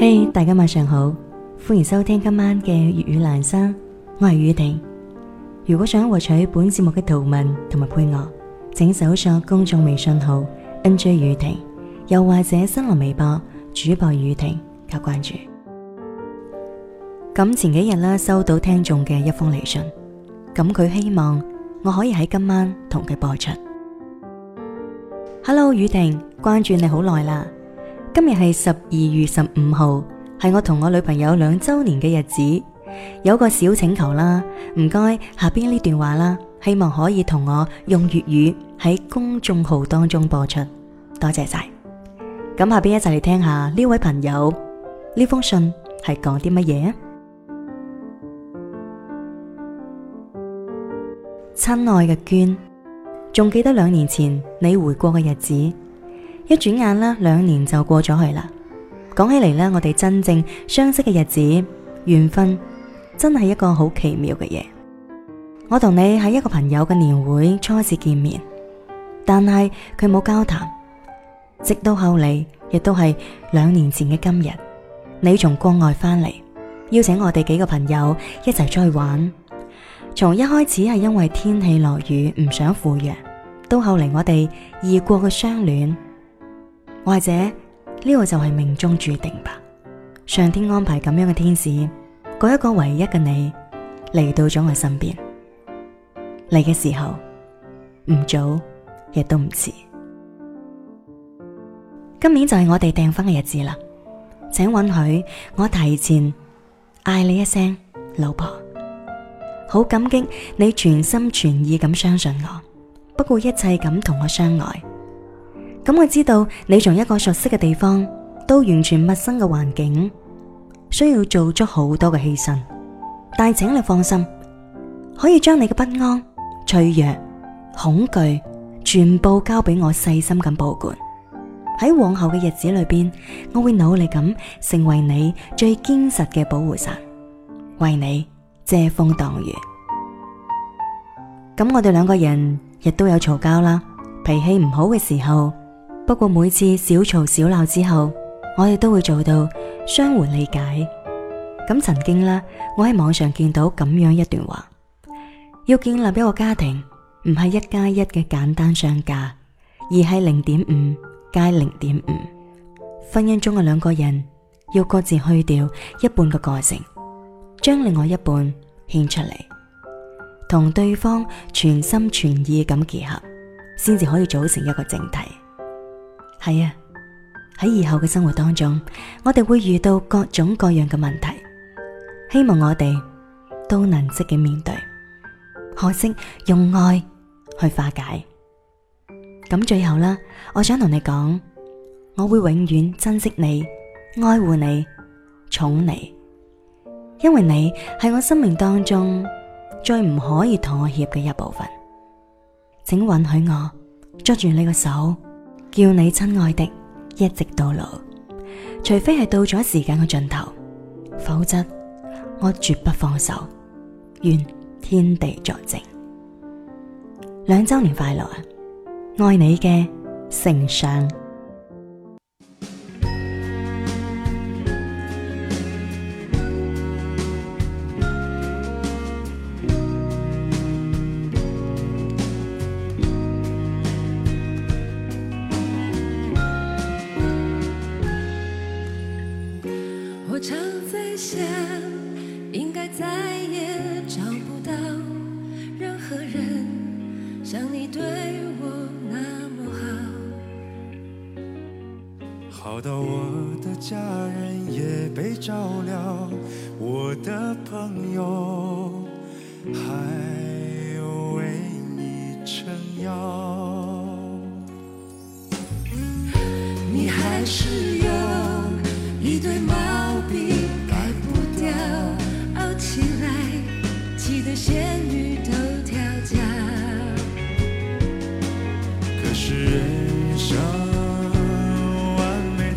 嘿，大家晚上好，歡迎收聽今晚嘅粵語蘭生，我係雨婷。如果想獲取本節目嘅圖文同埋配樂，請搜索公眾微信號 NJ 雨婷，又或者新浪微博主播雨婷加關注。咁前幾日啦，收到聽眾嘅一封嚟信，咁佢希望我可以喺今晚同佢播出。Hello，雨婷，關注你好耐啦。今日係十二月十五號，係我同我女朋友兩周年嘅日子，有個小請求啦，唔該下邊呢段話啦，希望可以同我用粵語喺公眾號當中播出，多謝晒。咁下邊一齊嚟聽下呢位朋友呢封信係講啲乜嘢？親愛嘅娟，仲記得兩年前你回國嘅日子。一轉眼啦，兩年就過咗去啦。講起嚟咧，我哋真正相識嘅日子，緣分真係一個好奇妙嘅嘢。我同你喺一個朋友嘅年會初次見面，但係佢冇交談。直到後嚟，亦都係兩年前嘅今日，你從國外翻嚟，邀請我哋幾個朋友一齊出去玩。從一開始係因為天氣落雨唔想赴約，到後嚟我哋異國嘅相戀。或者呢個就係命中注定吧，上天安排咁樣嘅天使，嗰一個唯一嘅你嚟到咗我身邊，嚟嘅時候唔早亦都唔遲。今年就係我哋訂婚嘅日子啦，請允許我提前嗌你一聲老婆，好感激你全心全意咁相信我，不顧一切咁同我相愛。咁我知道你從一個熟悉嘅地方到完全陌生嘅環境，需要做足好多嘅犧牲。但請你放心，可以將你嘅不安、脆弱、恐懼全部交俾我細心咁保管。喺往後嘅日子裏邊，我會努力咁成為你最堅實嘅保護傘，為你遮風擋雨。咁我哋兩個人亦都有嘈交啦，脾氣唔好嘅時候。不過每次小吵小鬧之後，我哋都會做到相互理解。咁曾經啦，我喺網上見到咁樣一段話：要建立一個家庭，唔係一加一嘅簡單相加，而係零點五加零點五。婚姻中嘅兩個人要各自去掉一半嘅個性，將另外一半獻出嚟，同對方全心全意咁結合，先至可以組成一個整體。係啊！喺以後嘅生活當中，我哋會遇到各種各樣嘅問題，希望我哋都能積極面對，學識用愛去化解。咁最後啦，我想同你講，我會永遠珍惜你、愛護你、寵你，因為你係我生命當中最唔可以妥協嘅一部分。請允許我捉住你個手。叫你親愛的一直到老，除非係到咗時間嘅盡頭，否則我絕不放手，願天地作證。兩周年快樂，愛你嘅成上。再也找不到任何人像你對我那麼好，好到我的家人也被照料，我的朋友還有為你撐腰，你還是有一對嗎？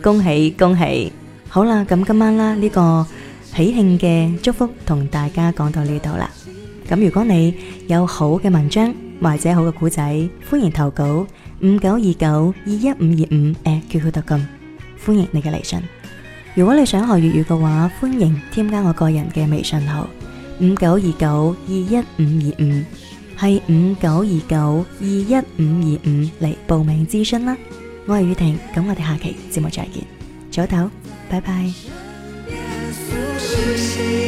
恭喜恭喜！好啦，咁今晚啦呢個喜慶嘅祝福同大家講到呢度啦。咁如果你有好嘅文章或者好嘅古仔，歡迎投稿五九二九二一五二五 at QQ.com，歡迎你嘅嚟信。如果你想學粵語嘅話，歡迎添加我個人嘅微信號五九二九二一五二五，係五九二九二一五二五嚟報名諮詢啦。我係雨婷，咁我哋下期節目再見，早唞，拜拜。